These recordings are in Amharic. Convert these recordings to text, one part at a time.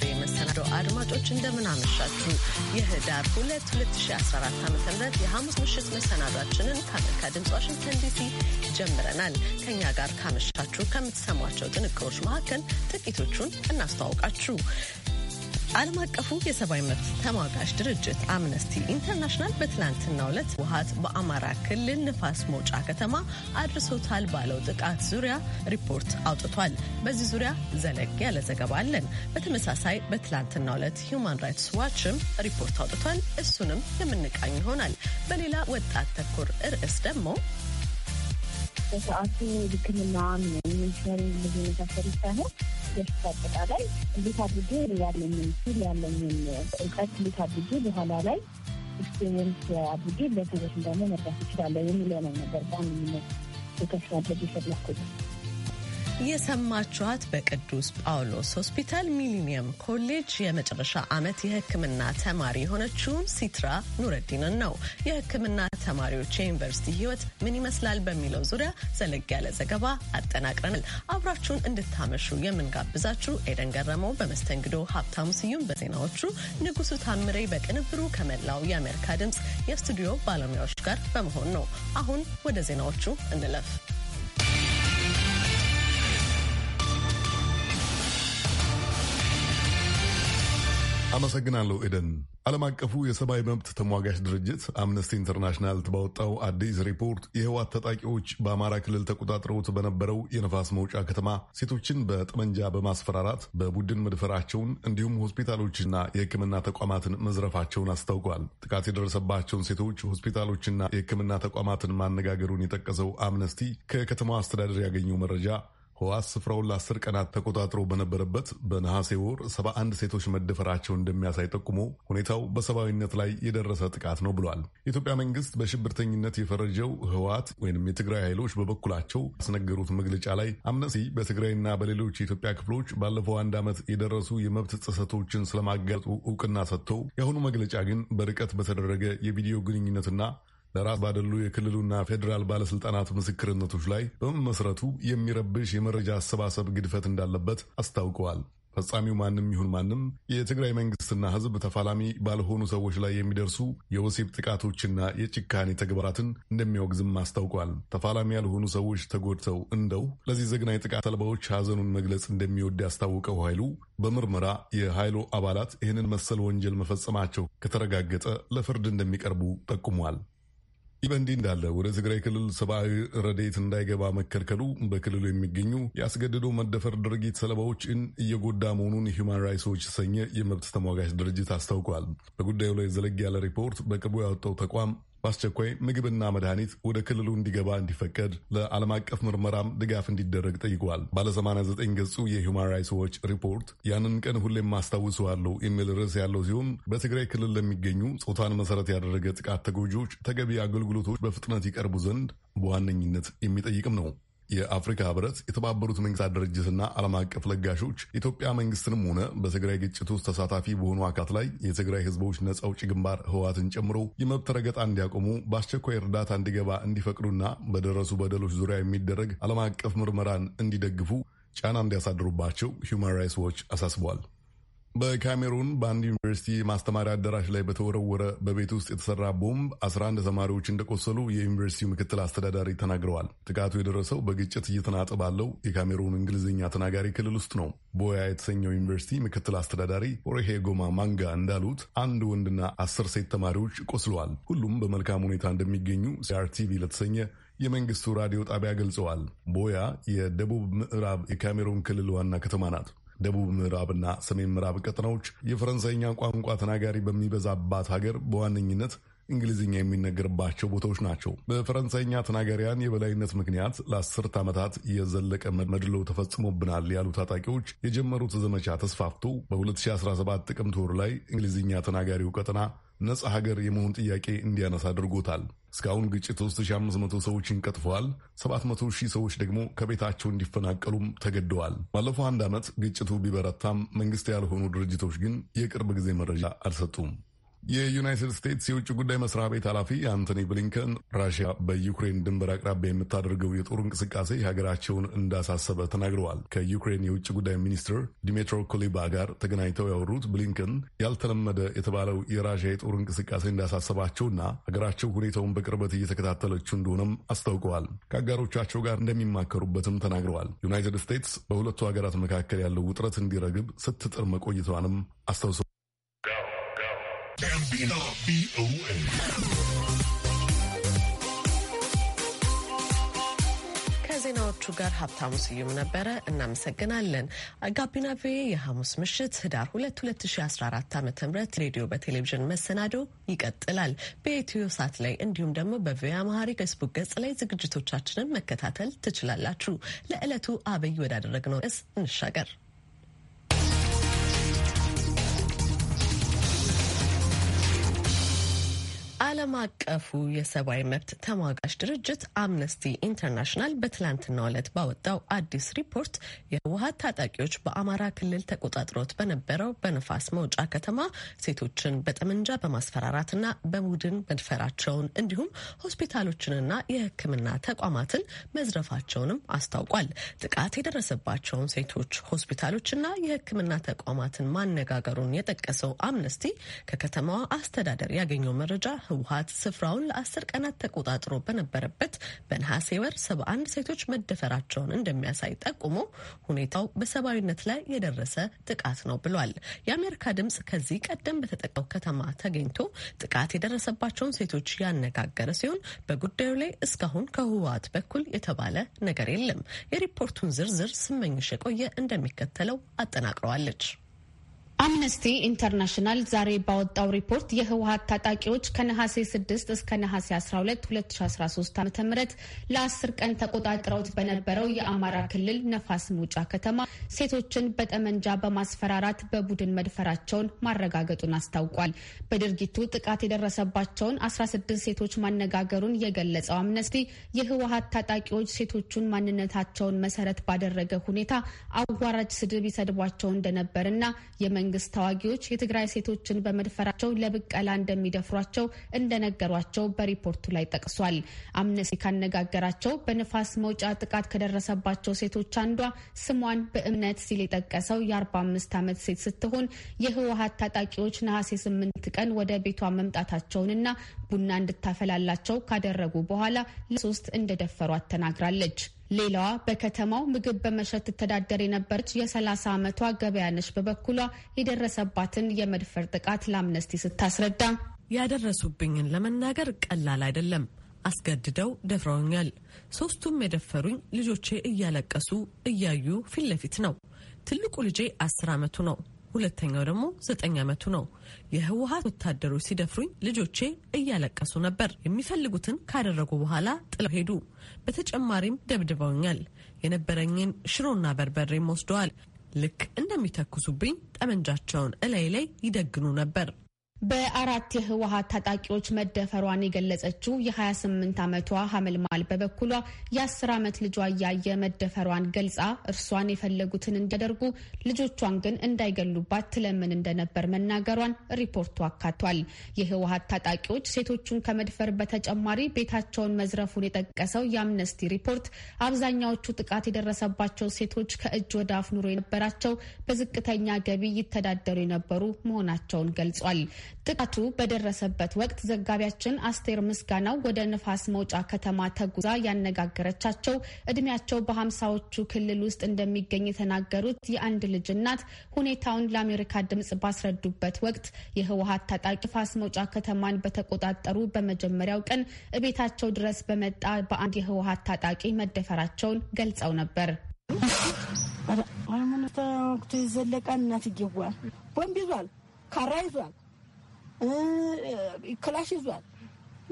የጋቢና መሰናዶ አድማጮች እንደምን አመሻችሁ። የህዳር 2 2014 ዓ ም የሐሙስ ምሽት መሰናዷችንን ከአሜሪካ ድምፅ ዋሽንግተን ዲሲ ጀምረናል። ከእኛ ጋር ካመሻችሁ ከምትሰሟቸው ጥንቅሮች መካከል ጥቂቶቹን እናስተዋውቃችሁ። ዓለም አቀፉ የሰብአዊ መብት ተሟጋች ድርጅት አምነስቲ ኢንተርናሽናል በትናንትናው ዕለት ውሃት በአማራ ክልል ንፋስ መውጫ ከተማ አድርሶታል ባለው ጥቃት ዙሪያ ሪፖርት አውጥቷል። በዚህ ዙሪያ ዘለግ ያለ ዘገባ አለን። በተመሳሳይ በትናንትናው ዕለት ሁማን ራይትስ ዋችም ሪፖርት አውጥቷል። እሱንም የምንቃኝ ይሆናል። በሌላ ወጣት ተኮር ርዕስ ደግሞ በሰዓቱ ሕክምናዋን ሚኒስቴር ሳይሆን በፊት አጠቃላይ እንዴት አድርጌ ያለኝን ፊል ያለኝን እውቀት እንዴት አድርጌ በኋላ ላይ ኤክስፔሪንስ አድርጌ ለሰዎች ደግሞ መርዳት ይችላለ የሚለው ነው ነገር በአንድነት የተስፋ ያደግ ይፈላኩት የሰማችኋት በቅዱስ ጳውሎስ ሆስፒታል ሚሊኒየም ኮሌጅ የመጨረሻ ዓመት የሕክምና ተማሪ የሆነችውን ሲትራ ኑረዲንን ነው። የሕክምና ተማሪዎች የዩኒቨርሲቲ ሕይወት ምን ይመስላል በሚለው ዙሪያ ዘለግ ያለ ዘገባ አጠናቅረናል። አብራችሁን እንድታመሹ የምንጋብዛችሁ ኤደን ገረመው በመስተንግዶ፣ ሀብታሙ ስዩም በዜናዎቹ፣ ንጉሱ ታምሬ በቅንብሩ ከመላው የአሜሪካ ድምፅ የስቱዲዮ ባለሙያዎች ጋር በመሆን ነው። አሁን ወደ ዜናዎቹ እንለፍ። አመሰግናለሁ ኤደን። ዓለም አቀፉ የሰብአዊ መብት ተሟጋች ድርጅት አምነስቲ ኢንተርናሽናል ባወጣው አዲስ ሪፖርት የህዋት ታጣቂዎች በአማራ ክልል ተቆጣጥረውት በነበረው የነፋስ መውጫ ከተማ ሴቶችን በጠመንጃ በማስፈራራት በቡድን መድፈራቸውን እንዲሁም ሆስፒታሎችና የሕክምና ተቋማትን መዝረፋቸውን አስታውቋል። ጥቃት የደረሰባቸውን ሴቶች ሆስፒታሎችና የሕክምና ተቋማትን ማነጋገሩን የጠቀሰው አምነስቲ ከከተማው አስተዳደር ያገኘው መረጃ ህዋስ ስፍራውን ለአስር ቀናት ተቆጣጥሮ በነበረበት በነሐሴ ወር ሰባ አንድ ሴቶች መደፈራቸው እንደሚያሳይ ጠቁሞ ሁኔታው በሰብአዊነት ላይ የደረሰ ጥቃት ነው ብሏል። የኢትዮጵያ መንግስት በሽብርተኝነት የፈረጀው ህወሓት ወይም የትግራይ ኃይሎች በበኩላቸው ያስነገሩት መግለጫ ላይ አምነስቲ በትግራይና በሌሎች የኢትዮጵያ ክፍሎች ባለፈው አንድ ዓመት የደረሱ የመብት ጥሰቶችን ስለማጋለጡ እውቅና ሰጥተው የአሁኑ መግለጫ ግን በርቀት በተደረገ የቪዲዮ ግንኙነትና ለራስ ባደሉ የክልሉና ፌዴራል ባለስልጣናት ምስክርነቶች ላይ በመመስረቱ የሚረብሽ የመረጃ አሰባሰብ ግድፈት እንዳለበት አስታውቀዋል። ፈጻሚው ማንም ይሁን ማንም የትግራይ መንግስትና ሕዝብ ተፋላሚ ባልሆኑ ሰዎች ላይ የሚደርሱ የወሲብ ጥቃቶችና የጭካኔ ተግባራትን እንደሚያወግዝም አስታውቋል። ተፋላሚ ያልሆኑ ሰዎች ተጎድተው እንደው ለዚህ ዘግናኝ ጥቃት ሰለባዎች ሐዘኑን መግለጽ እንደሚወድ ያስታወቀው ኃይሉ በምርመራ የኃይሉ አባላት ይህንን መሰል ወንጀል መፈጸማቸው ከተረጋገጠ ለፍርድ እንደሚቀርቡ ጠቁሟል። ይህ በእንዲህ እንዳለ ወደ ትግራይ ክልል ሰብአዊ ረዴት እንዳይገባ መከልከሉ በክልሉ የሚገኙ የአስገድዶ መደፈር ድርጊት ሰለባዎችን እየጎዳ መሆኑን ሂውማን ራይትስ ዎች የተሰኘ የመብት ተሟጋች ድርጅት አስታውቋል። በጉዳዩ ላይ ዘለግ ያለ ሪፖርት በቅርቡ ያወጣው ተቋም በአስቸኳይ ምግብና መድኃኒት ወደ ክልሉ እንዲገባ እንዲፈቀድ ለዓለም አቀፍ ምርመራም ድጋፍ እንዲደረግ ጠይቋል። ባለ 89 ገጹ የሁማን ራይትስ ዎች ሪፖርት ያንን ቀን ሁሌም አስታውሰዋለሁ የሚል ርዕስ ያለው ሲሆን በትግራይ ክልል ለሚገኙ ጾታን መሰረት ያደረገ ጥቃት ተጎጂዎች ተገቢ አገልግሎቶች በፍጥነት ይቀርቡ ዘንድ በዋነኝነት የሚጠይቅም ነው። የአፍሪካ ህብረት፣ የተባበሩት መንግስታት ድርጅትና ዓለም አቀፍ ለጋሾች ኢትዮጵያ መንግስትንም ሆነ በትግራይ ግጭት ውስጥ ተሳታፊ በሆኑ አካት ላይ የትግራይ ህዝቦች ነጻ አውጪ ግንባር ህወሓትን ጨምሮ የመብት ረገጣ እንዲያቆሙ በአስቸኳይ እርዳታ እንዲገባ እንዲፈቅዱና በደረሱ በደሎች ዙሪያ የሚደረግ ዓለም አቀፍ ምርመራን እንዲደግፉ ጫና እንዲያሳድሩባቸው ሁማን ራይትስ ዎች አሳስቧል። በካሜሩን በአንድ ዩኒቨርሲቲ ማስተማሪያ አዳራሽ ላይ በተወረወረ በቤት ውስጥ የተሰራ ቦምብ 11 ተማሪዎች እንደቆሰሉ የዩኒቨርሲቲው ምክትል አስተዳዳሪ ተናግረዋል። ጥቃቱ የደረሰው በግጭት እየተናጠ ባለው የካሜሩን እንግሊዝኛ ተናጋሪ ክልል ውስጥ ነው። ቦያ የተሰኘው ዩኒቨርሲቲ ምክትል አስተዳዳሪ ኦሬሄ ጎማ ማንጋ እንዳሉት አንድ ወንድና አስር ሴት ተማሪዎች ቆስለዋል። ሁሉም በመልካም ሁኔታ እንደሚገኙ ሲአርቲቪ ለተሰኘ የመንግስቱ ራዲዮ ጣቢያ ገልጸዋል። ቦያ የደቡብ ምዕራብ የካሜሩን ክልል ዋና ከተማ ናት። ደቡብ ምዕራብና ሰሜን ምዕራብ ቀጠናዎች የፈረንሳይኛ ቋንቋ ተናጋሪ በሚበዛባት ሀገር በዋነኝነት እንግሊዝኛ የሚነገርባቸው ቦታዎች ናቸው። በፈረንሳይኛ ተናጋሪያን የበላይነት ምክንያት ለአስርት ዓመታት የዘለቀ መድሎ ተፈጽሞብናል ያሉ ታጣቂዎች የጀመሩት ዘመቻ ተስፋፍቶ በ2017 ጥቅምት ወር ላይ እንግሊዝኛ ተናጋሪው ቀጠና ነጻ ሀገር የመሆን ጥያቄ እንዲያነሳ አድርጎታል። እስካሁን ግጭት 3500 ሰዎችን ቀጥፈዋል። 700 ሺህ ሰዎች ደግሞ ከቤታቸው እንዲፈናቀሉም ተገደዋል። ባለፈው አንድ ዓመት ግጭቱ ቢበረታም መንግስት ያልሆኑ ድርጅቶች ግን የቅርብ ጊዜ መረጃ አልሰጡም። የዩናይትድ ስቴትስ የውጭ ጉዳይ መስሪያ ቤት ኃላፊ አንቶኒ ብሊንከን ራሽያ በዩክሬን ድንበር አቅራቢያ የምታደርገው የጦር እንቅስቃሴ ሀገራቸውን እንዳሳሰበ ተናግረዋል። ከዩክሬን የውጭ ጉዳይ ሚኒስትር ዲሜትሮ ኩሊባ ጋር ተገናኝተው ያወሩት ብሊንከን ያልተለመደ የተባለው የራሽያ የጦር እንቅስቃሴ እንዳሳሰባቸውና ሀገራቸው ሁኔታውን በቅርበት እየተከታተለችው እንደሆነም አስታውቀዋል። ከአጋሮቻቸው ጋር እንደሚማከሩበትም ተናግረዋል። ዩናይትድ ስቴትስ በሁለቱ ሀገራት መካከል ያለው ውጥረት እንዲረግብ ስትጥር መቆይቷንም አስታውሰዋል። ከዜናዎቹ ጋር ሀብታሙ ስዩም ነበረ። እናመሰግናለን። ጋቢና ቪኦኤ የሐሙስ ምሽት ህዳር 2 2014 ዓ ም ሬዲዮ በቴሌቪዥን መሰናዶ ይቀጥላል። በኢትዮ ሳት ላይ እንዲሁም ደግሞ በቪኦኤ አማሪ ፌስቡክ ገጽ ላይ ዝግጅቶቻችንን መከታተል ትችላላችሁ። ለዕለቱ አብይ ወዳደረግነው እስ እንሻገር። ዓለም አቀፉ የሰብአዊ መብት ተሟጋች ድርጅት አምነስቲ ኢንተርናሽናል በትላንትናው ዕለት ባወጣው አዲስ ሪፖርት የህወሀት ታጣቂዎች በአማራ ክልል ተቆጣጥሮት በነበረው በንፋስ መውጫ ከተማ ሴቶችን በጠመንጃ በማስፈራራትና በቡድን መድፈራቸውን እንዲሁም ሆስፒታሎችንና የሕክምና ተቋማትን መዝረፋቸውንም አስታውቋል። ጥቃት የደረሰባቸውን ሴቶች ሆስፒታሎችና የሕክምና ተቋማትን ማነጋገሩን የጠቀሰው አምነስቲ ከከተማዋ አስተዳደር ያገኘው መረጃ ህወሀት ስፍራውን ለአስር ቀናት ተቆጣጥሮ በነበረበት በነሐሴ ወር ሰባ አንድ ሴቶች መደፈራቸውን እንደሚያሳይ ጠቁሞ ሁኔታው በሰብአዊነት ላይ የደረሰ ጥቃት ነው ብሏል። የአሜሪካ ድምጽ ከዚህ ቀደም በተጠቀው ከተማ ተገኝቶ ጥቃት የደረሰባቸውን ሴቶች ያነጋገረ ሲሆን በጉዳዩ ላይ እስካሁን ከህወሀት በኩል የተባለ ነገር የለም። የሪፖርቱን ዝርዝር ስመኝሽ የቆየ እንደሚከተለው አጠናቅረዋለች። አምነስቲ ኢንተርናሽናል ዛሬ ባወጣው ሪፖርት የህወሀት ታጣቂዎች ከነሐሴ 6 እስከ ነሐሴ 12 2013 ዓ ም ለ10 ቀን ተቆጣጥረውት በነበረው የአማራ ክልል ነፋስ መውጫ ከተማ ሴቶችን በጠመንጃ በማስፈራራት በቡድን መድፈራቸውን ማረጋገጡን አስታውቋል። በድርጊቱ ጥቃት የደረሰባቸውን 16 ሴቶች ማነጋገሩን የገለጸው አምነስቲ የህወሀት ታጣቂዎች ሴቶቹን ማንነታቸውን መሰረት ባደረገ ሁኔታ አዋራጅ ስድብ ይሰድቧቸው እንደነበርና የመ መንግስት ታዋጊዎች የትግራይ ሴቶችን በመድፈራቸው ለብቀላ እንደሚደፍሯቸው እንደነገሯቸው በሪፖርቱ ላይ ጠቅሷል። አምነስቲ ካነጋገራቸው በንፋስ መውጫ ጥቃት ከደረሰባቸው ሴቶች አንዷ ስሟን በእምነት ሲል የጠቀሰው የ45 ዓመት ሴት ስትሆን የህወሀት ታጣቂዎች ነሐሴ 8 ቀን ወደ ቤቷ መምጣታቸውንና ቡና እንድታፈላላቸው ካደረጉ በኋላ ለሶስት እንደደፈሯት ተናግራለች። ሌላዋ በከተማው ምግብ በመሸጥ ትተዳደር የነበረች የ30 ዓመቷ ገበያነሽ በበኩሏ የደረሰባትን የመድፈር ጥቃት ለአምነስቲ ስታስረዳ ያደረሱብኝን ለመናገር ቀላል አይደለም። አስገድደው ደፍረውኛል። ሶስቱም የደፈሩኝ ልጆቼ እያለቀሱ እያዩ ፊት ለፊት ነው። ትልቁ ልጄ አስር ዓመቱ ነው። ሁለተኛው ደግሞ ዘጠኝ ዓመቱ ነው። የህወሀት ወታደሮች ሲደፍሩኝ ልጆቼ እያለቀሱ ነበር። የሚፈልጉትን ካደረጉ በኋላ ጥለው ሄዱ። በተጨማሪም ደብድበውኛል። የነበረኝን ሽሮና በርበሬም ወስደዋል። ልክ እንደሚተኩሱብኝ ጠመንጃቸውን እላይ ላይ ይደግኑ ነበር። በአራት የህወሀት ታጣቂዎች መደፈሯን የገለጸችው የ28 ዓመቷ ሀመልማል በበኩሏ የ10 ዓመት ልጇ እያየ መደፈሯን ገልጻ እርሷን የፈለጉትን እንዲያደርጉ ልጆቿን ግን እንዳይገሉባት ትለምን እንደነበር መናገሯን ሪፖርቱ አካቷል። የህወሀት ታጣቂዎች ሴቶቹን ከመድፈር በተጨማሪ ቤታቸውን መዝረፉን የጠቀሰው የአምነስቲ ሪፖርት አብዛኛዎቹ ጥቃት የደረሰባቸው ሴቶች ከእጅ ወደ አፍ ኑሮ የነበራቸው በዝቅተኛ ገቢ ይተዳደሩ የነበሩ መሆናቸውን ገልጿል። ጥቃቱ በደረሰበት ወቅት ዘጋቢያችን አስቴር ምስጋናው ወደ ንፋስ መውጫ ከተማ ተጉዛ ያነጋገረቻቸው እድሜያቸው በሀምሳዎቹ ክልል ውስጥ እንደሚገኝ የተናገሩት የአንድ ልጅ እናት ሁኔታውን ለአሜሪካ ድምጽ ባስረዱበት ወቅት የህወሀት ታጣቂ ፋስ መውጫ ከተማን በተቆጣጠሩ በመጀመሪያው ቀን እቤታቸው ድረስ በመጣ በአንድ የህወሀት ታጣቂ መደፈራቸውን ገልጸው ነበር። ወቅቱ ይዘለቃል። እናትየዋ ቦምብ ይዟል፣ ካራ ይዟል ክላሽ ይዟል።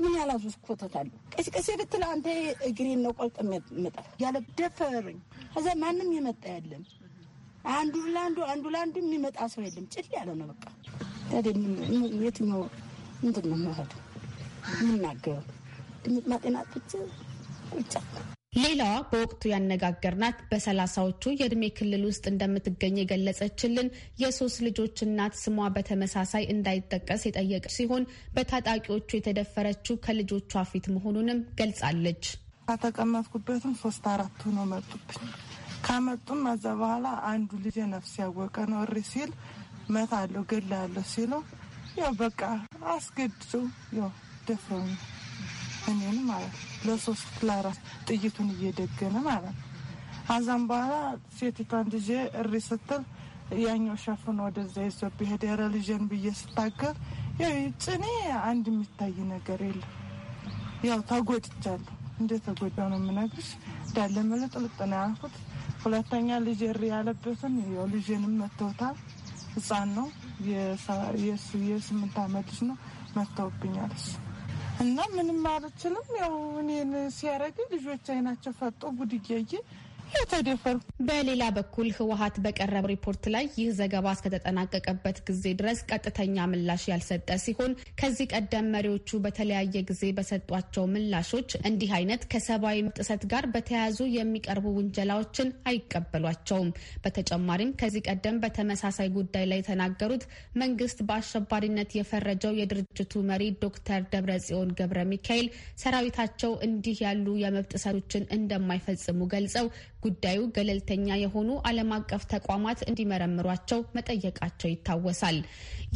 ምን ያላዙ ኮተታለሁ ቀስቀሴ ብትለ አንተ እግሬን ነው ቆልጥ መጣ ያለ ደፈረኝ። ከዛ ማንም የመጣ ያለም አንዱ ለአንዱ አንዱ ለአንዱ የሚመጣ ሰው የለም። ጭል ያለ ነው በቃ። የትኛው ምንድን ነው መሄዱ የምናገረው ድምጥ ማጤና ጥጭ ቁጫ ሌላዋ በወቅቱ ያነጋገርናት በሰላሳዎቹ የእድሜ ክልል ውስጥ እንደምትገኝ የገለጸችልን የሶስት ልጆች እናት ስሟ በተመሳሳይ እንዳይጠቀስ የጠየቀች ሲሆን በታጣቂዎቹ የተደፈረችው ከልጆቿ ፊት መሆኑንም ገልጻለች። ከተቀመጥኩበትም ሶስት አራቱ ነው መጡብኝ። ከመጡም እዛ በኋላ አንዱ ልጅ ነፍስ ያወቀ ነው እሪ ሲል መታለሁ ገላለሁ ሲለው ያው በቃ አስገድደው ያው ደፍረው ነው እኔን ማለት ለሶስት ለአራት ጥይቱን እየደገነ ማለት ነው። አዛም በኋላ ሴቲቷን ልጄ እሪ ስትል ያኛው ሸፍን ወደዛ ይዞ ብሄድ ኧረ ልጄን ብዬ ስታገር ጭኔ አንድ የሚታይ ነገር የለም። ያው ተጎድቻለሁ። እንደ ተጎዳ ነው የምነግርሽ። እንዳለ ምልጥልጥ ነው ያልኩት። ሁለተኛ ልጄ እሪ ያለበትን ያው ልጄንም መተውታል። ህፃን ነው የስምንት ልጅ ነው መተውብኛለች። እና ምንም አልችልም። ያው እኔን ሲያረግ ልጆች አይናቸው ፈጦ ጉድ እያየ የተደፈሩ። በሌላ በኩል ህወሀት በቀረበው ሪፖርት ላይ ይህ ዘገባ እስከተጠናቀቀበት ጊዜ ድረስ ቀጥተኛ ምላሽ ያልሰጠ ሲሆን ከዚህ ቀደም መሪዎቹ በተለያየ ጊዜ በሰጧቸው ምላሾች እንዲህ አይነት ከሰብአዊ ጥሰት ጋር በተያያዙ የሚቀርቡ ውንጀላዎችን አይቀበሏቸውም። በተጨማሪም ከዚህ ቀደም በተመሳሳይ ጉዳይ ላይ የተናገሩት መንግስት በአሸባሪነት የፈረጀው የድርጅቱ መሪ ዶክተር ደብረጽዮን ገብረ ሚካኤል ሰራዊታቸው እንዲህ ያሉ የመብት ጥሰቶችን እንደማይፈጽሙ ገልጸው ጉዳዩ ገለልተኛ የሆኑ ዓለም አቀፍ ተቋማት እንዲመረምሯቸው መጠየቃቸው ይታወሳል።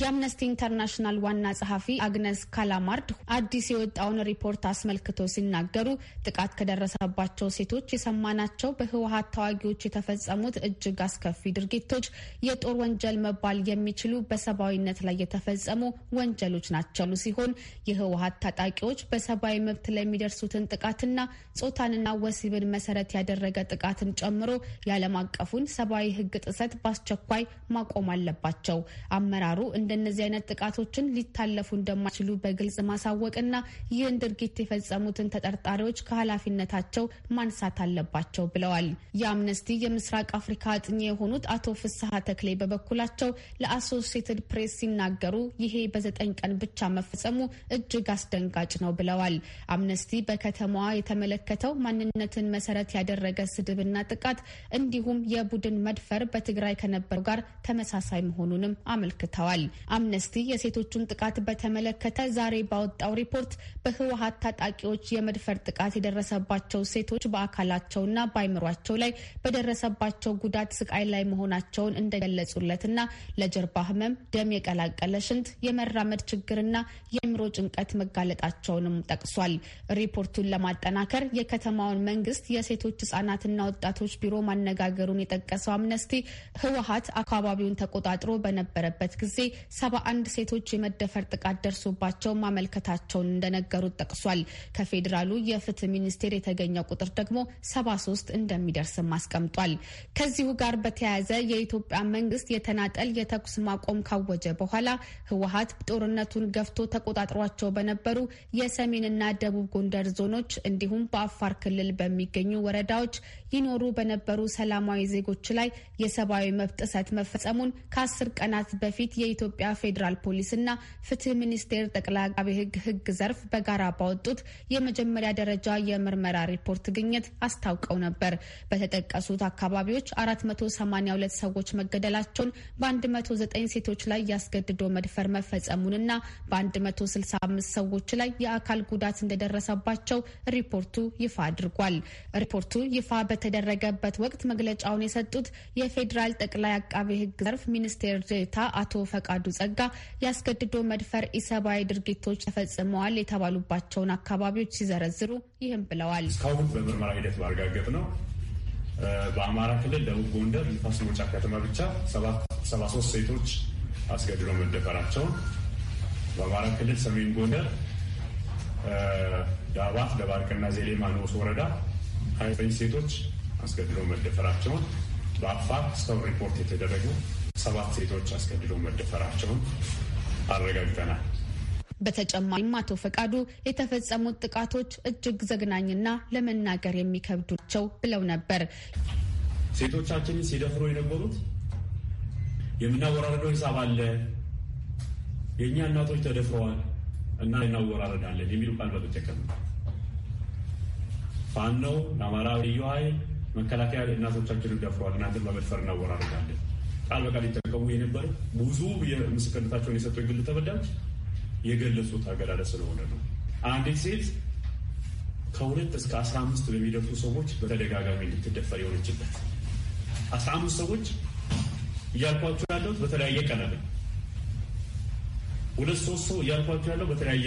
የአምነስቲ ኢንተርናሽናል ዋና ጸሐፊ አግነስ ካላማርድ አዲስ የወጣውን ሪፖርት አስመልክቶ ሲናገሩ ጥቃት ከደረሰባቸው ሴቶች የሰማናቸው በህወሀት ታዋጊዎች የተፈጸሙት እጅግ አስከፊ ድርጊቶች የጦር ወንጀል መባል የሚችሉ በሰብአዊነት ላይ የተፈጸሙ ወንጀሎች ናቸው ሲሆን የህወሀት ታጣቂዎች በሰብአዊ መብት ላይ የሚደርሱትን ጥቃትና ጾታንና ወሲብን መሰረት ያደረገ ጥቃት ጥቃትን ጨምሮ የዓለም አቀፉን ሰብአዊ ሕግ ጥሰት በአስቸኳይ ማቆም አለባቸው። አመራሩ እንደነዚህ አይነት ጥቃቶችን ሊታለፉ እንደማይችሉ በግልጽ ማሳወቅና ይህን ድርጊት የፈጸሙትን ተጠርጣሪዎች ከኃላፊነታቸው ማንሳት አለባቸው ብለዋል። የአምነስቲ የምስራቅ አፍሪካ አጥኚ የሆኑት አቶ ፍስሐ ተክሌ በበኩላቸው ለአሶሲየትድ ፕሬስ ሲናገሩ ይሄ በዘጠኝ ቀን ብቻ መፈጸሙ እጅግ አስደንጋጭ ነው ብለዋል። አምነስቲ በከተማዋ የተመለከተው ማንነትን መሰረት ያደረገ ስድብ ስድብና ጥቃት እንዲሁም የቡድን መድፈር በትግራይ ከነበረው ጋር ተመሳሳይ መሆኑንም አመልክተዋል። አምነስቲ የሴቶቹን ጥቃት በተመለከተ ዛሬ ባወጣው ሪፖርት በህወሀት ታጣቂዎች የመድፈር ጥቃት የደረሰባቸው ሴቶች በአካላቸውና በአይምሯቸው ላይ በደረሰባቸው ጉዳት ስቃይ ላይ መሆናቸውን እንደገለጹለትና ለጀርባ ህመም፣ ደም የቀላቀለ ሽንት፣ የመራመድ ችግርና የአእምሮ ጭንቀት መጋለጣቸውንም ጠቅሷል። ሪፖርቱን ለማጠናከር የከተማውን መንግስት የሴቶች ህጻናትና ወጣቶች ቢሮ ማነጋገሩን የጠቀሰው አምነስቲ ህወሀት አካባቢውን ተቆጣጥሮ በነበረበት ጊዜ ሰባ አንድ ሴቶች የመደፈር ጥቃት ደርሶባቸው ማመልከታቸውን እንደነገሩት ጠቅሷል። ከፌዴራሉ የፍትህ ሚኒስቴር የተገኘው ቁጥር ደግሞ ሰባ ሶስት እንደሚደርስም አስቀምጧል። ከዚሁ ጋር በተያያዘ የኢትዮጵያ መንግስት የተናጠል የተኩስ ማቆም ካወጀ በኋላ ህወሀት ጦርነቱን ገፍቶ ተቆጣጥሯቸው በነበሩ የሰሜንና ደቡብ ጎንደር ዞኖች እንዲሁም በአፋር ክልል በሚገኙ ወረዳዎች ይኖሩ በነበሩ ሰላማዊ ዜጎች ላይ የሰብአዊ መብት ጥሰት መፈጸሙን ከአስር ቀናት በፊት የኢትዮጵያ ፌዴራል ፖሊስና ፍትህ ሚኒስቴር ጠቅላይ አቃቤ ህግ ህግ ዘርፍ በጋራ ባወጡት የመጀመሪያ ደረጃ የምርመራ ሪፖርት ግኝት አስታውቀው ነበር። በተጠቀሱት አካባቢዎች 482 ሰዎች መገደላቸውን፣ በ109 ሴቶች ላይ ያስገድዶ መድፈር መፈጸሙንና በ165 ሰዎች ላይ የአካል ጉዳት እንደደረሰባቸው ሪፖርቱ ይፋ አድርጓል። ሪፖርቱ ይፋ በተደረገበት ወቅት መግለጫውን የሰጡት የፌዴራል ጠቅላይ አቃቤ ሕግ ዘርፍ ሚኒስቴር ዴታ አቶ ፈቃዱ ጸጋ ያስገድዶ መድፈር ኢሰብአዊ ድርጊቶች ተፈጽመዋል የተባሉባቸውን አካባቢዎች ሲዘረዝሩ ይህም ብለዋል። እስካሁን በምርመራ ሂደት ማረጋገጥ ነው። በአማራ ክልል ደቡብ ጎንደር ንፋስ መውጫ ከተማ ብቻ ሰባ ሴቶች አስገድዶ መደፈራቸውን በአማራ ክልል ሰሜን ጎንደር ዳባት፣ ደባርቅና ዜሌማ ንዑስ ወረዳ ሀያ ሴቶች አስገድደው መደፈራቸውን በአፋር እስካሁን ሪፖርት የተደረጉ ሰባት ሴቶች አስገድደው መደፈራቸውን አረጋግጠናል። በተጨማሪም አቶ ፈቃዱ የተፈጸሙት ጥቃቶች እጅግ ዘግናኝና ለመናገር የሚከብዱ ናቸው ብለው ነበር። ሴቶቻችን ሲደፍሩ የነበሩት የምናወራረደው ሂሳብ አለ፣ የእኛ እናቶች ተደፍረዋል እና እናወራረዳለን የሚሉ ቃል በተጨቀም ፋኖ ለአማራ ልዩ ኃይል መከላከያ እናቶቻችንን ደፍረዋል። እናትን በመድፈር እናወራርጋለን። ቃል በቃል ይጠቀሙ የነበረ ብዙ ምስክርነታቸውን የሰጡ የግል ተበዳዮች የገለጹት አገላለጽ ስለሆነ ነው። አንዲት ሴት ከሁለት እስከ አስራ አምስት በሚደርሱ ሰዎች በተደጋጋሚ እንድትደፈር የሆነችበት አስራ አምስት ሰዎች እያልኳቸው ያለሁት በተለያየ ቀን አለ ሁለት ሶስት ሰው እያልኳቸው ያለው በተለያየ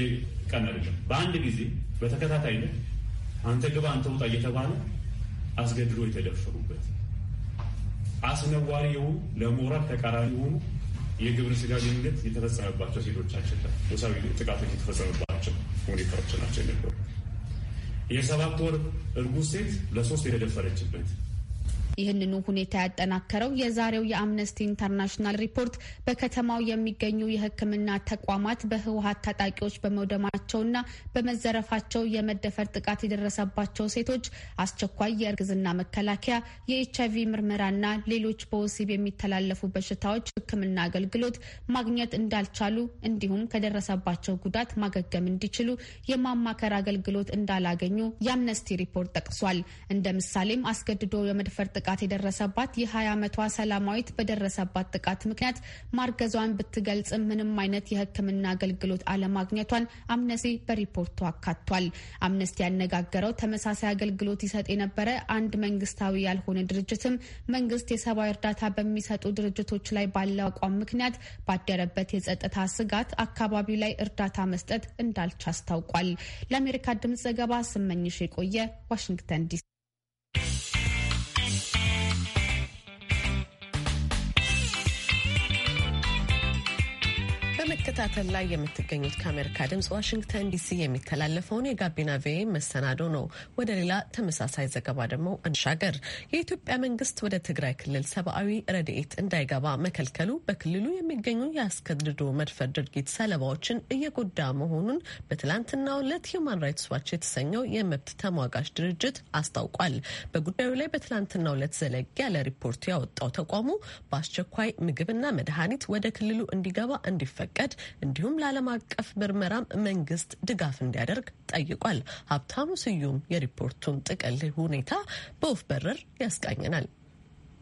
ቀን አይደለም። በአንድ ጊዜ በተከታታይነት አንተ ግባ፣ አንተ ውጣ እየተባለ አስገድሎ የተደፈሩበት አስነዋሪ የሆኑ ለሞራል ተቃራኒ የሆኑ የግብረ ስጋ ግንኙነት የተፈጸመባቸው ሴቶቻችን ላይ ወሲባዊ ጥቃቶች የተፈጸመባቸው ሁኔታዎች ናቸው የነበሩ የሰባት ወር እርጉዝ ሴት ለሶስት የተደፈረችበት ይህንኑ ሁኔታ ያጠናከረው የዛሬው የአምነስቲ ኢንተርናሽናል ሪፖርት በከተማው የሚገኙ የሕክምና ተቋማት በህወሀት ታጣቂዎች በመውደማቸውና በመዘረፋቸው የመደፈር ጥቃት የደረሰባቸው ሴቶች አስቸኳይ የእርግዝና መከላከያ፣ የኤች አይቪ ምርመራና ሌሎች በወሲብ የሚተላለፉ በሽታዎች ሕክምና አገልግሎት ማግኘት እንዳልቻሉ እንዲሁም ከደረሰባቸው ጉዳት ማገገም እንዲችሉ የማማከር አገልግሎት እንዳላገኙ የአምነስቲ ሪፖርት ጠቅሷል። እንደ ምሳሌም አስገድዶ የመድፈር ጥቃት የደረሰባት የ20 ዓመቷ ሰላማዊት በደረሰባት ጥቃት ምክንያት ማርገዟን ብትገልጽ ምንም አይነት የሕክምና አገልግሎት አለማግኘቷን አምነስቲ በሪፖርቱ አካቷል። አምነስቲ ያነጋገረው ተመሳሳይ አገልግሎት ይሰጥ የነበረ አንድ መንግስታዊ ያልሆነ ድርጅትም መንግስት የሰብአዊ እርዳታ በሚሰጡ ድርጅቶች ላይ ባለው አቋም ምክንያት ባደረበት የጸጥታ ስጋት አካባቢው ላይ እርዳታ መስጠት እንዳልቻ አስታውቋል። ለአሜሪካ ድምጽ ዘገባ ስመኝሽ የቆየ ዋሽንግተን ዲሲ። በመከታተል ላይ የምትገኙት ከአሜሪካ ድምጽ ዋሽንግተን ዲሲ የሚተላለፈውን የጋቢና ቪ መሰናዶ ነው። ወደ ሌላ ተመሳሳይ ዘገባ ደግሞ እንሻገር። የኢትዮጵያ መንግስት ወደ ትግራይ ክልል ሰብአዊ ረድኤት እንዳይገባ መከልከሉ በክልሉ የሚገኙ የአስገድዶ መድፈር ድርጊት ሰለባዎችን እየጎዳ መሆኑን በትላንትናው ዕለት ሂውማን ራይትስ ዋች የተሰኘው የመብት ተሟጋች ድርጅት አስታውቋል። በጉዳዩ ላይ በትላንትናው ዕለት ዘለግ ያለ ሪፖርት ያወጣው ተቋሙ በአስቸኳይ ምግብና መድኃኒት ወደ ክልሉ እንዲገባ እንዲፈ እንዲፈቀድ እንዲሁም ለዓለም አቀፍ ምርመራም መንግስት ድጋፍ እንዲያደርግ ጠይቋል። ሀብታሙ ስዩም የሪፖርቱን ጥቅል ሁኔታ በወፍ በረር ያስቃኘናል።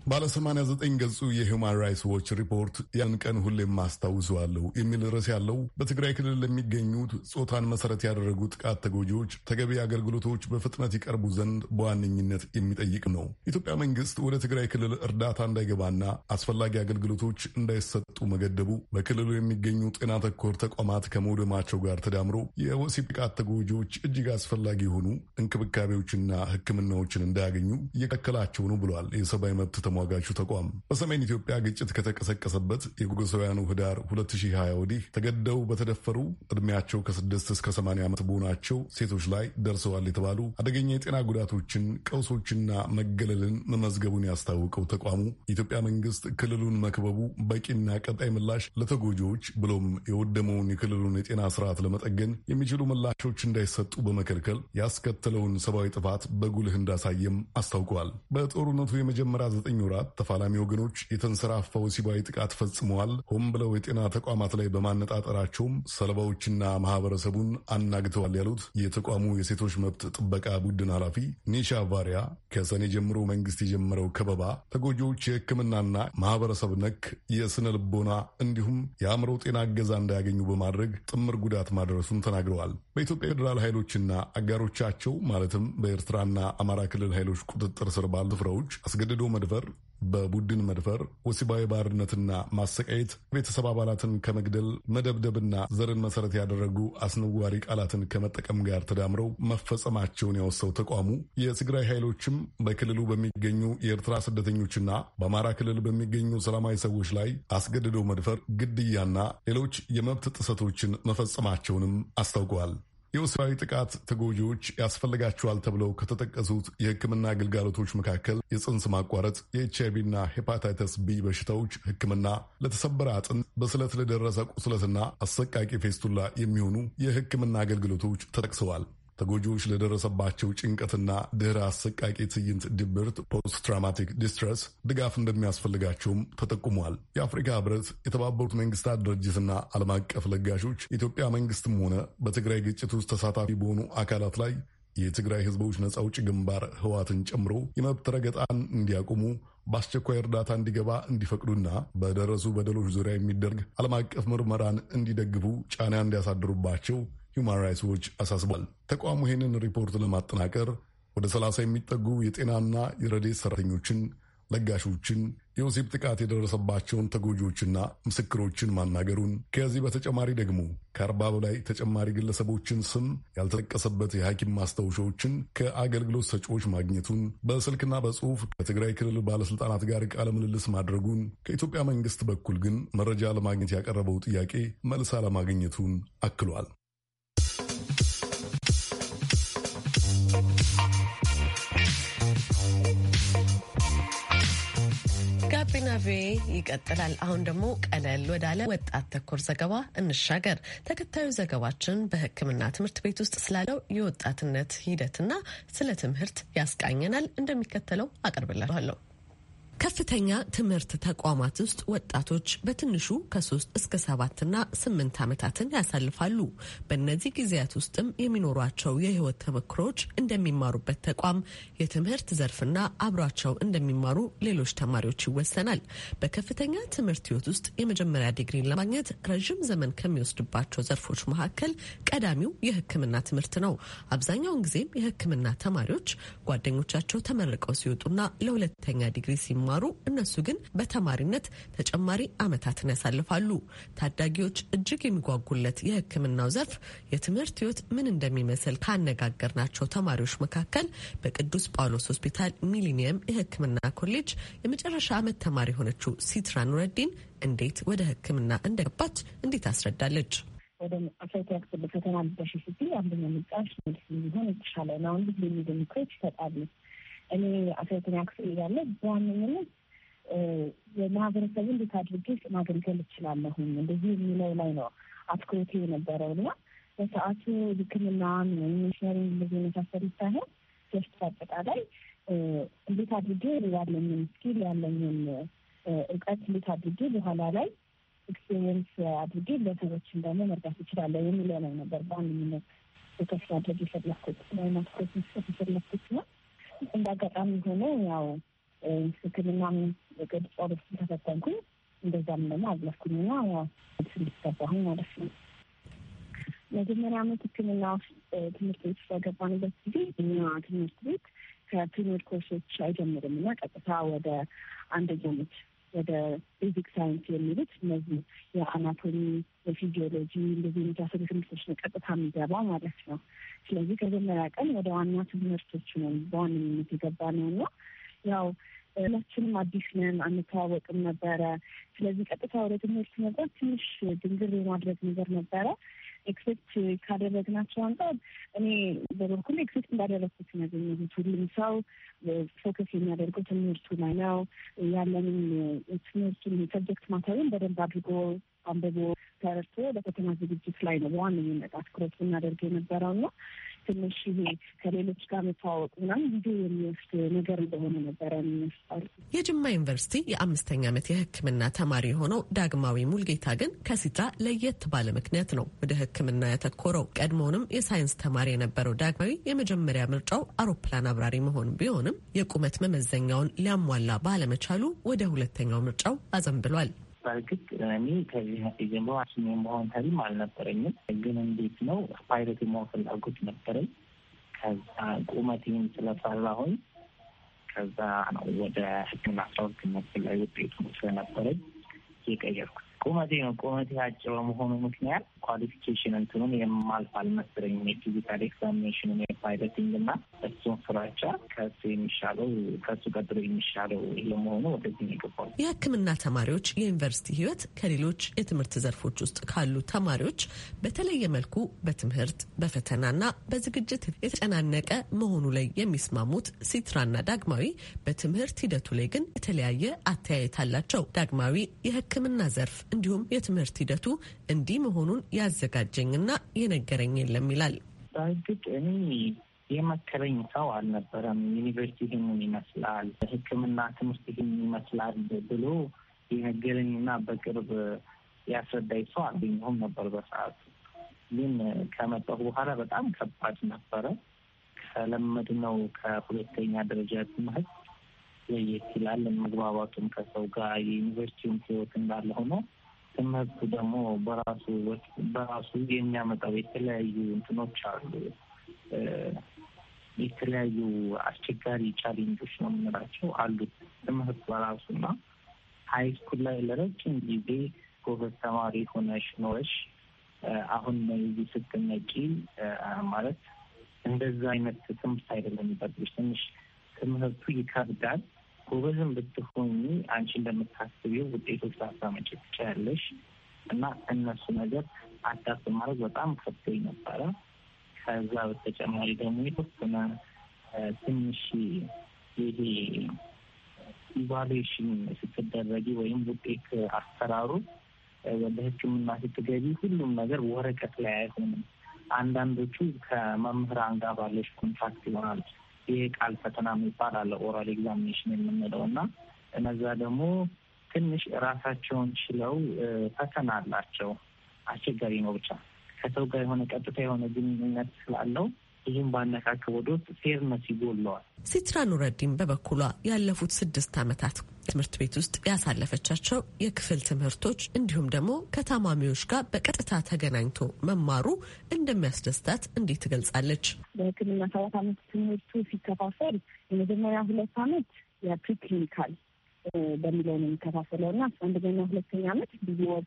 ባለ 89 ገጹ የሁማን ራይትስ ዎች ሪፖርት ያን ቀን ሁሌም አስታውሰዋለሁ የሚል ርዕስ ያለው በትግራይ ክልል ለሚገኙት ጾታን መሰረት ያደረጉ ጥቃት ተጎጂዎች ተገቢ አገልግሎቶች በፍጥነት ይቀርቡ ዘንድ በዋነኝነት የሚጠይቅ ነው። ኢትዮጵያ መንግስት ወደ ትግራይ ክልል እርዳታ እንዳይገባና አስፈላጊ አገልግሎቶች እንዳይሰጡ መገደቡ በክልሉ የሚገኙ ጤና ተኮር ተቋማት ከመውደማቸው ጋር ተዳምሮ የወሲብ ጥቃት ተጎጂዎች እጅግ አስፈላጊ የሆኑ እንክብካቤዎችና ሕክምናዎችን እንዳያገኙ እየከከላቸው ነው ብሏል የሰብአዊ መብት ተሟጋቹ ተቋም በሰሜን ኢትዮጵያ ግጭት ከተቀሰቀሰበት የጎርጎሳውያኑ ህዳር 2020 ወዲህ ተገደው በተደፈሩ ዕድሜያቸው 6 እስከ 80 ዓመት በሆናቸው ሴቶች ላይ ደርሰዋል የተባሉ አደገኛ የጤና ጉዳቶችን፣ ቀውሶችና መገለልን መመዝገቡን ያስታወቀው ተቋሙ የኢትዮጵያ መንግስት ክልሉን መክበቡ በቂና ቀጣይ ምላሽ ለተጎጂዎች ብሎም የወደመውን የክልሉን የጤና ስርዓት ለመጠገን የሚችሉ ምላሾች እንዳይሰጡ በመከልከል ያስከተለውን ሰብአዊ ጥፋት በጉልህ እንዳሳየም አስታውቀዋል። በጦርነቱ የመጀመሪያ ዘጠኝ ወራት ተፋላሚ ወገኖች የተንሰራፋ ወሲባዊ ጥቃት ፈጽመዋል ሆን ብለው የጤና ተቋማት ላይ በማነጣጠራቸውም ሰለባዎችና ማህበረሰቡን አናግተዋል ያሉት የተቋሙ የሴቶች መብት ጥበቃ ቡድን ኃላፊ ኒሻ ቫሪያ ከሰኔ ጀምሮ መንግስት የጀመረው ከበባ ተጎጂዎች የሕክምናና ማህበረሰብ ነክ የስነ ልቦና እንዲሁም የአእምሮ ጤና እገዛ እንዳያገኙ በማድረግ ጥምር ጉዳት ማድረሱን ተናግረዋል። በኢትዮጵያ ፌዴራል ኃይሎችና አጋሮቻቸው ማለትም በኤርትራና አማራ ክልል ኃይሎች ቁጥጥር ስር ባሉ ስፍራዎች አስገድዶ መድፈር በቡድን መድፈር፣ ወሲባዊ ባርነትና ማሰቃየት፣ ቤተሰብ አባላትን ከመግደል መደብደብና ዘርን መሰረት ያደረጉ አስነዋሪ ቃላትን ከመጠቀም ጋር ተዳምረው መፈጸማቸውን ያወሰው ተቋሙ የትግራይ ኃይሎችም በክልሉ በሚገኙ የኤርትራ ስደተኞችና በአማራ ክልል በሚገኙ ሰላማዊ ሰዎች ላይ አስገድደው መድፈር፣ ግድያና ሌሎች የመብት ጥሰቶችን መፈጸማቸውንም አስታውቀዋል። የወሲባዊ ጥቃት ተጎጂዎች ያስፈልጋቸዋል ተብለው ከተጠቀሱት የሕክምና አገልጋሎቶች መካከል የጽንስ ማቋረጥ፣ የኤችአይቪና ሄፓታይተስ ቢ በሽታዎች ሕክምና፣ ለተሰበረ አጥንት፣ በስለት ለደረሰ ቁስለትና አሰቃቂ ፌስቱላ የሚሆኑ የሕክምና አገልግሎቶች ተጠቅሰዋል። ተጎጂዎች ለደረሰባቸው ጭንቀትና ድህረ አሰቃቂ ትዕይንት ድብርት ፖስት ትራማቲክ ዲስትረስ ድጋፍ እንደሚያስፈልጋቸውም ተጠቁሟል። የአፍሪካ ህብረት፣ የተባበሩት መንግስታት ድርጅትና ዓለም አቀፍ ለጋሾች የኢትዮጵያ መንግስትም ሆነ በትግራይ ግጭት ውስጥ ተሳታፊ በሆኑ አካላት ላይ የትግራይ ህዝቦች ነጻ አውጪ ግንባር ህዋትን ጨምሮ የመብት ረገጣን እንዲያቆሙ በአስቸኳይ እርዳታ እንዲገባ እንዲፈቅዱና በደረሱ በደሎች ዙሪያ የሚደርግ ዓለም አቀፍ ምርመራን እንዲደግፉ ጫና እንዲያሳድሩባቸው ሁማን ራይትስ ዎች አሳስቧል። ተቋሙ ይህንን ሪፖርት ለማጠናቀር ወደ 30 የሚጠጉ የጤናና የረድኤት ሰራተኞችን፣ ለጋሾችን፣ የወሲብ ጥቃት የደረሰባቸውን ተጎጂዎችና ምስክሮችን ማናገሩን ከዚህ በተጨማሪ ደግሞ ከአርባ በላይ ተጨማሪ ግለሰቦችን ስም ያልተጠቀሰበት የሐኪም ማስታወሻዎችን ከአገልግሎት ሰጪዎች ማግኘቱን በስልክና በጽሑፍ ከትግራይ ክልል ባለስልጣናት ጋር ቃለ ምልልስ ማድረጉን ከኢትዮጵያ መንግስት በኩል ግን መረጃ ለማግኘት ያቀረበው ጥያቄ መልስ አለማግኘቱን አክሏል። ቪኦኤ ይቀጥላል። አሁን ደግሞ ቀለል ወዳለ ወጣት ተኮር ዘገባ እንሻገር። ተከታዩ ዘገባችን በሕክምና ትምህርት ቤት ውስጥ ስላለው የወጣትነት ሂደትና ስለ ትምህርት ያስቃኘናል። እንደሚከተለው አቀርብላችኋለሁ። ከፍተኛ ትምህርት ተቋማት ውስጥ ወጣቶች በትንሹ ከሶስት እስከ ሰባትና ስምንት ዓመታትን ያሳልፋሉ። በእነዚህ ጊዜያት ውስጥም የሚኖሯቸው የህይወት ተመክሮች እንደሚማሩበት ተቋም የትምህርት ዘርፍና አብሯቸው እንደሚማሩ ሌሎች ተማሪዎች ይወሰናል። በከፍተኛ ትምህርት ህይወት ውስጥ የመጀመሪያ ዲግሪን ለማግኘት ረዥም ዘመን ከሚወስድባቸው ዘርፎች መካከል ቀዳሚው የህክምና ትምህርት ነው። አብዛኛውን ጊዜም የህክምና ተማሪዎች ጓደኞቻቸው ተመርቀው ሲወጡና ለሁለተኛ ዲግሪ ሲማ ሲማሩ እነሱ ግን በተማሪነት ተጨማሪ ዓመታትን ያሳልፋሉ። ታዳጊዎች እጅግ የሚጓጉለት የሕክምናው ዘርፍ የትምህርት ህይወት ምን እንደሚመስል ካነጋገርናቸው ተማሪዎች መካከል በቅዱስ ጳውሎስ ሆስፒታል ሚሊኒየም የሕክምና ኮሌጅ የመጨረሻ ዓመት ተማሪ የሆነችው ሲትራ ኑረዲን እንዴት ወደ ሕክምና እንደገባች እንዴት አስረዳለች። ወደ አሰይታክስ በፈተና ልበሽ ስቲ አንደኛ ምጣሽ ሊሆን የተሻለ ነው የሚገኝ ኮች ይሰጣሉ እኔ አስራ ክፍል እያለ በዋነኝነት የማህበረሰቡ እንዴት አድርጌ ማገልገል እችላለሁኝ እንደዚህ የሚለው ላይ ነው አትኩሮቴ የነበረው እና በሰዓቱ ሕክምና ወይም ሚሽነሪ እንደዚህ የመሳሰሉ ሳይሆን ጀስት አጠቃላይ እንዴት አድርጌ ያለኝን ስኪል ያለኝን እውቀት እንዴት አድርጌ በኋላ ላይ ኤክስፔሪየንስ አድርጌ ለሰዎችን ደግሞ መርዳት እችላለሁ የሚለው ነው ነበር በዋነኝነት ፎከስ ማድረግ የፈለኩት ወይም አትኩሮት መስጠት የፈለኩት ነው። እንዳጋጣሚ አጋጣሚ ሆነ ያው ሕክምናም ቅድጫ ወደፊት ተፈተንኩኝ። እንደዛም ደግሞ አለፍኩኝና ያው ስድስት ገባሁኝ ማለት ነው። መጀመሪያ ዓመት ሕክምና ውስጥ ትምህርት ቤት በገባንበት ጊዜ እኛ ትምህርት ቤት ከፕሪሚየር ኮርሶች አይጀምርም እና ቀጥታ ወደ አንደኛ ዓመት ወደ ቤዚክ ሳይንስ የሚሉት እነዚህ የአናቶሚ የፊዚዮሎጂ እንደዚህ የመሳሰሉ ትምህርቶች ነው ቀጥታ የሚገባ ማለት ነው። ስለዚህ ከጀመሪያ ቀን ወደ ዋና ትምህርቶች ነው በዋነኝነት የገባ ነው እና ያው ሁላችንም አዲስ ነን፣ አንተዋወቅም ነበረ። ስለዚህ ቀጥታ ወደ ትምህርት መግባት ትንሽ ድንግር የማድረግ ነገር ነበረ። ኤክሴፕት ካደረግናቸው አንጻር እኔ በበኩል ኤክሴፕት እንዳደረግኩት ያገኘሁት ሁሉም ሰው ፎከስ የሚያደርገው ትምህርቱ ላይ ነው። ያለንን ትምህርቱን ሰብጀክት ማታዊን በደንብ አድርጎ አንብቦ ተረድቶ ለፈተና ዝግጅት ላይ ነው በዋነኝነት አትኩረት ብናደርግ የነበረው ነው። ትንሽ ይሄ ከሌሎች ጋር መተዋወቅ ምናምን ጊዜ የሚወስድ ነገር እንደሆነ ነበረ የሚመስል። የጅማ ዩኒቨርሲቲ የአምስተኛ ዓመት የሕክምና ተማሪ የሆነው ዳግማዊ ሙልጌታ ግን ከሲጣ ለየት ባለ ምክንያት ነው ወደ ሕክምና ያተኮረው። ቀድሞውንም የሳይንስ ተማሪ የነበረው ዳግማዊ የመጀመሪያ ምርጫው አውሮፕላን አብራሪ መሆን ቢሆንም የቁመት መመዘኛውን ሊያሟላ ባለመቻሉ ወደ ሁለተኛው ምርጫው አዘንብሏል። በእርግጥ እኔ ከዚህ ጀምሮ ሐኪም የመሆን ህልም አልነበረኝም። ግን እንዴት ነው ፓይለት የመሆን ፍላጎት ነበረኝ። ከዛ ቁመቴን ስለፈራሁኝ ከዛ ነው ወደ ህግ አስራ ሁለት ላይ ውጤቱ ስለነበረኝ የቀየርኩት። ቁመቴ ነው። ቁመቴ አጭር በመሆኑ ምክንያት ኳሊፊኬሽን እንትኑን የማልፍ አልመሰለኝም። የፊዚካል ኤክዛሚኔሽን የፓይለቲንግ እና እሱን ፍራቻ ከሱ የሚሻለው ከሱ ቀጥሎ የሚሻለው ለመሆኑ መሆኑ ወደዚህ ይገባል። የሕክምና ተማሪዎች የዩኒቨርሲቲ ህይወት ከሌሎች የትምህርት ዘርፎች ውስጥ ካሉ ተማሪዎች በተለየ መልኩ በትምህርት በፈተና በፈተናና በዝግጅት የተጨናነቀ መሆኑ ላይ የሚስማሙት ሲትራና ዳግማዊ በትምህርት ሂደቱ ላይ ግን የተለያየ አተያየት አላቸው። ዳግማዊ የሕክምና ዘርፍ እንዲሁም የትምህርት ሂደቱ እንዲህ መሆኑን ያዘጋጀኝና የነገረኝ የለም ይላል። በእርግጥ እኔ የመከረኝ ሰው አልነበረም። ዩኒቨርሲቲ ይህንን ይመስላል፣ ሕክምና ትምህርት ይህንን ይመስላል ብሎ የነገረኝና በቅርብ ያስረዳኝ ሰው አገኘሁም ነበር በሰዓቱ። ግን ከመጣሁ በኋላ በጣም ከባድ ነበረ። ነው ከሁለተኛ ደረጃ ትምህርት ለየት ይላል። መግባባቱም ከሰው ጋር የዩኒቨርሲቲውን ህይወት እንዳለ ሆኖ ትምህርቱ ደግሞ በራሱ በራሱ የሚያመጣው የተለያዩ እንትኖች አሉ። የተለያዩ አስቸጋሪ ቻሌንጆች ነው የምንላቸው አሉ። ትምህርት በራሱ እና ሀይ ስኩል ላይ ለረጅም ጊዜ ጎበዝ ተማሪ ሆነሽ ኖረሽ አሁን እዚህ ስትነቂ ማለት እንደዛ አይነት ትምህርት አይደለም ይጠብሽ። ትንሽ ትምህርቱ ይከብዳል። ጎበዝም ብትሆኝ አንቺ እንደምታስቢው ውጤቶች ላታመጪ ትችያለሽ እና እነሱ ነገር አዳፕት ማድረግ በጣም ከብቶኝ ነበረ። ከዛ በተጨማሪ ደግሞ የተወሰነ ትንሽ ይሄ ኢቫሉዌሽን ስትደረጊ ወይም ውጤት አሰራሩ ወደ ሕክምና ስትገቢ ሁሉም ነገር ወረቀት ላይ አይሆንም። አንዳንዶቹ ከመምህራን ጋር ባለሽ ኮንትራክት ይሆናል። የቃል ፈተና የሚባል አለ ኦራል ኤግዛሚኔሽን የምንለው እና እነዛ ደግሞ ትንሽ ራሳቸውን ችለው ፈተና አላቸው። አስቸጋሪ ነው ብቻ ከሰው ጋር የሆነ ቀጥታ የሆነ ግንኙነት ስላለው ብዙም ባነካከብ ወደ ውስጥ ፌርነስ ይጎለዋል። ሲትራ ኑረዲን በበኩሏ ያለፉት ስድስት ዓመታት ትምህርት ቤት ውስጥ ያሳለፈቻቸው የክፍል ትምህርቶች እንዲሁም ደግሞ ከታማሚዎች ጋር በቀጥታ ተገናኝቶ መማሩ እንደሚያስደስታት እንዲህ ትገልጻለች። በሕክምና ሰባት ዓመት ትምህርቱ ሲከፋፈል የመጀመሪያ ሁለት ዓመት የፕሪክሊኒካል በሚለው ነው የሚከፋፈለው እና አንደኛ ሁለተኛ ዓመት ብዙ ወር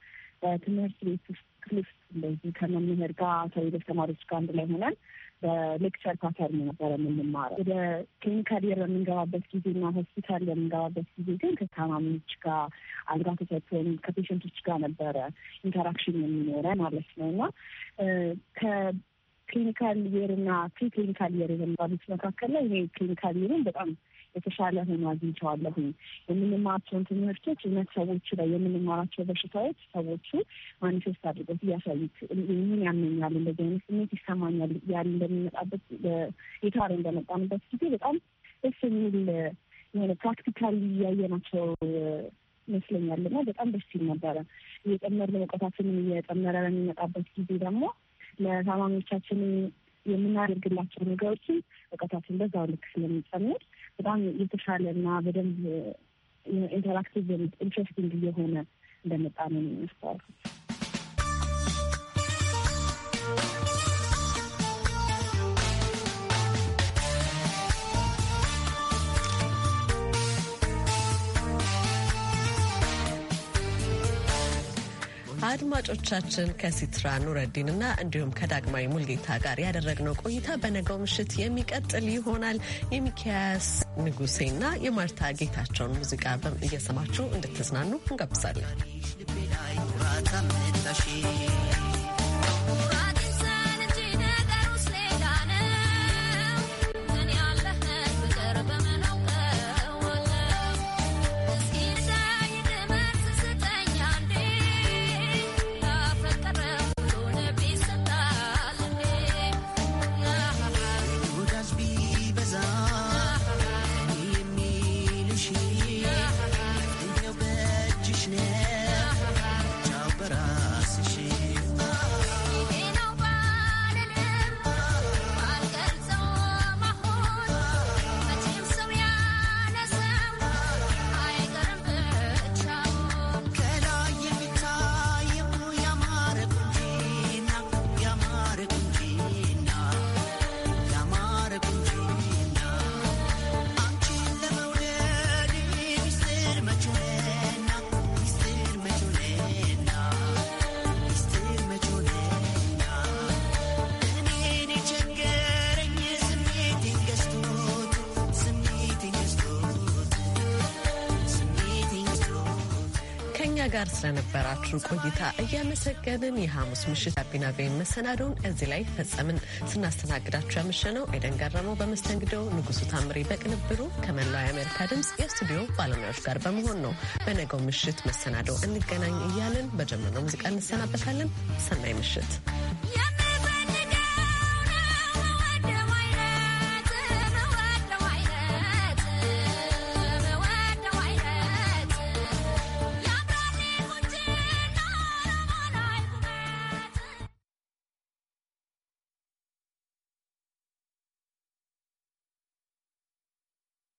ትምህርት ቤት ውስጥ ክፍል ውስጥ እንደዚህ ከመምህር ጋር ከሌሎች ተማሪዎች ጋር አንድ ላይ ሆነን በሌክቸር ፓተርን ነበረ የምንማረው። ወደ ክሊኒካል በምንገባበት ጊዜ እና ሆስፒታል በምንገባበት ጊዜ ግን ከታማሚዎች ጋር አልጋ ተሰጥቶን ከፔሸንቶች ጋር ነበረ ኢንተራክሽን የሚኖረ ማለት ነው እና ከክሊኒካል የር እና ፕሪ ክሊኒካል የር የሚባሉት መካከል ላይ ይሄ ክሊኒካል የርን በጣም የተሻለ ሆኖ አግኝቸዋለሁኝ። የምንማራቸውን ትምህርቶች እውነት ሰዎቹ ላይ የምንማራቸው በሽታዎች ሰዎቹ ማኒፌስት አድርገት እያሳዩት ምን ያመኛል፣ እንደዚህ አይነት ስሜት ይሰማኛል ያል እንደሚመጣበት የተዋረ እንደመጣንበት ጊዜ በጣም ደስ የሚል የሆነ ፕራክቲካል እያየናቸው ይመስለኛል እና በጣም ደስ ይል ነበረ። እየጨመርን እውቀታችንን እየጨመረ በሚመጣበት ጊዜ ደግሞ ለታማሚዎቻችንን የምናደርግላቸው ነገሮችን እውቀታችን በዛው ልክ ስለሚጨምር በጣም የተሻለ እና በደንብ ኢንተራክቲቭ uh, ኢንትረስቲንግ እየሆነ እንደመጣ ነው የሚመስለው። አድማጮቻችን ከሲትራ ኑረዲን እና እንዲሁም ከዳግማዊ ሙልጌታ ጋር ያደረግነው ቆይታ በነገው ምሽት የሚቀጥል ይሆናል። የሚኪያስ ንጉሴና የማርታ ጌታቸውን ሙዚቃ እየሰማችሁ እንድትዝናኑ እንጋብዛለን። ጋር ስለነበራችሁ ቆይታ እያመሰገንን የሐሙስ ምሽት ጋቢና ቤን መሰናዶውን እዚህ ላይ ፈጸምን። ስናስተናግዳችሁ ያመሸነው ኤደን ገረመው በመስተንግዶው፣ ንጉሱ ታምሬ በቅንብሩ ከመላው የአሜሪካ ድምፅ የስቱዲዮ ባለሙያዎች ጋር በመሆን ነው። በነገው ምሽት መሰናዶው እንገናኝ እያለን በጀመረው ሙዚቃ እንሰናበታለን። ሰናይ ምሽት።